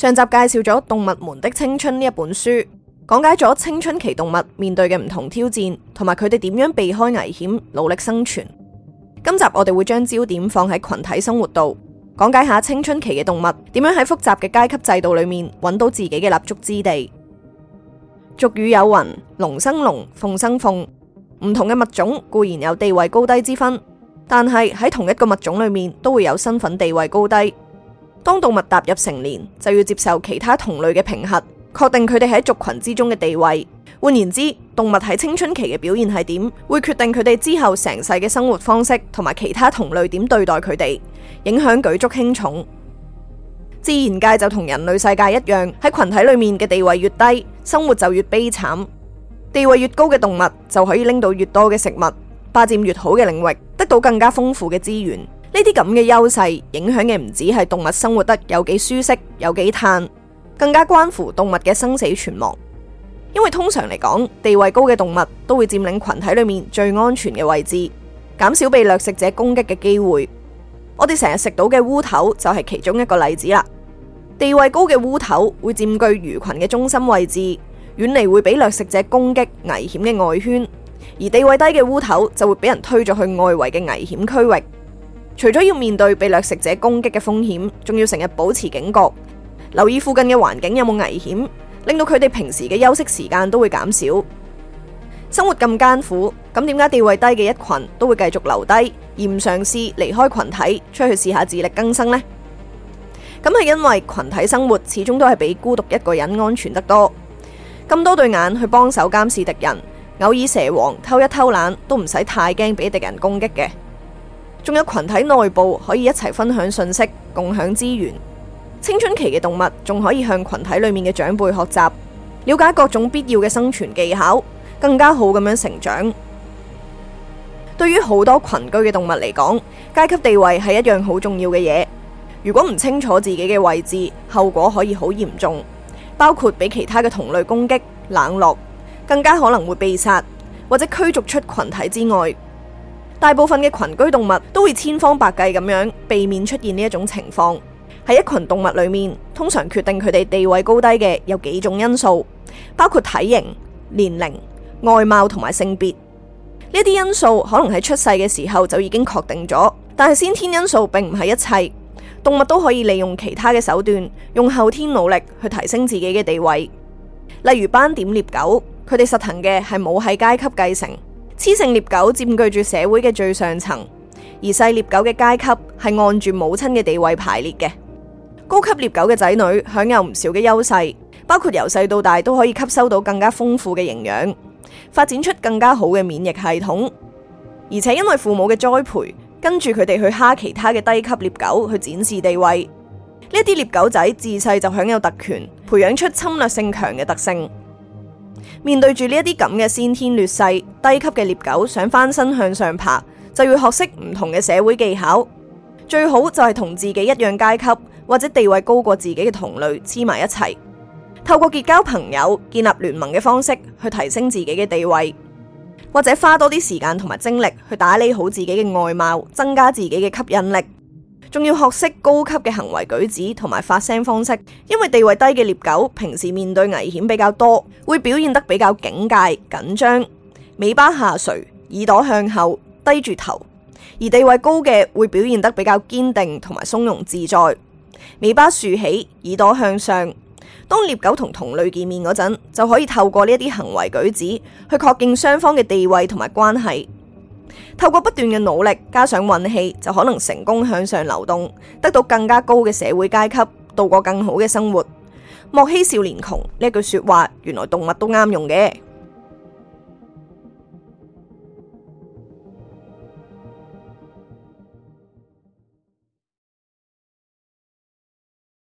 上集介紹咗《動物們的青春》呢一本書，講解咗青春期動物面對嘅唔同挑戰，同埋佢哋點樣避開危險、努力生存。今集我哋會將焦點放喺群體生活度，講解下青春期嘅動物點樣喺複雜嘅階級制度裏面揾到自己嘅立足之地。俗語有云：龍生龍，鳳生鳳。唔同嘅物種固然有地位高低之分，但係喺同一個物種裏面都會有身份地位高低。當動物踏入成年，就要接受其他同類嘅評核，確定佢哋喺族群之中嘅地位。換言之，動物喺青春期嘅表現係點，會決定佢哋之後成世嘅生活方式，同埋其他同類點對待佢哋，影響舉足輕重。自然界就同人類世界一樣，喺群體裏面嘅地位越低，生活就越悲慘；地位越高嘅動物，就可以拎到越多嘅食物，霸佔越好嘅領域，得到更加豐富嘅資源。呢啲咁嘅優勢影響嘅唔止係動物生活得有幾舒適，有幾嘆，更加關乎動物嘅生死存亡。因為通常嚟講，地位高嘅動物都會佔領群體裏面最安全嘅位置，減少被掠食者攻擊嘅機會。我哋成日食到嘅烏頭就係其中一個例子啦。地位高嘅烏頭會佔據魚群嘅中心位置，遠離會俾掠食者攻擊危險嘅外圈，而地位低嘅烏頭就會俾人推咗去外圍嘅危險區域。除咗要面對被掠食者攻擊嘅風險，仲要成日保持警覺，留意附近嘅環境有冇危險，令到佢哋平時嘅休息時間都會減少。生活咁艱苦，咁點解地位低嘅一群都會繼續留低，而唔嘗試離開群體出去試下自力更生呢？咁係因為群體生活始終都係比孤獨一個人安全得多。咁多對眼去幫手監視敵人，偶爾蛇王偷一偷懶都唔使太驚俾敵人攻擊嘅。仲有群體內部可以一齊分享信息、共享資源。青春期嘅動物仲可以向群體裏面嘅長輩學習，了解各種必要嘅生存技巧，更加好咁樣成長。對於好多群居嘅動物嚟講，階級地位係一樣好重要嘅嘢。如果唔清楚自己嘅位置，後果可以好嚴重，包括俾其他嘅同類攻擊、冷落，更加可能會被殺，或者驅逐出群體之外。大部分嘅群居動物都會千方百計咁樣避免出現呢一種情況。喺一群動物裏面，通常決定佢哋地位高低嘅有幾種因素，包括體型、年齡、外貌同埋性別。呢啲因素可能喺出世嘅時候就已經確定咗，但係先天因素並唔係一切。動物都可以利用其他嘅手段，用後天努力去提升自己嘅地位。例如斑點獵狗，佢哋實行嘅係母系階級繼承。雌性鬣狗佔據住社會嘅最上層，而細鬣狗嘅階級係按住母親嘅地位排列嘅。高級鬣狗嘅仔女享有唔少嘅優勢，包括由細到大都可以吸收到更加豐富嘅營養，發展出更加好嘅免疫系統，而且因為父母嘅栽培，跟住佢哋去蝦其他嘅低級鬣狗去展示地位。呢啲鬣狗仔自細就享有特權，培養出侵略性強嘅特性。面對住呢一啲咁嘅先天劣勢，低級嘅獵狗想翻身向上爬，就要學識唔同嘅社會技巧。最好就係同自己一樣階級或者地位高過自己嘅同類黐埋一齊，透過結交朋友、建立聯盟嘅方式去提升自己嘅地位，或者花多啲時間同埋精力去打理好自己嘅外貌，增加自己嘅吸引力。仲要學識高級嘅行為舉止同埋發聲方式，因為地位低嘅獵狗平時面對危險比較多，會表現得比較警戒緊張，尾巴下垂，耳朵向後，低住頭；而地位高嘅會表現得比較堅定同埋松容自在，尾巴豎起，耳朵向上。當獵狗同同類見面嗰陣，就可以透過呢一啲行為舉止去確認雙方嘅地位同埋關係。透過不斷嘅努力，加上運氣，就可能成功向上流動，得到更加高嘅社會階級，度過更好嘅生活。莫欺少年窮，呢句說話，原來動物都啱用嘅。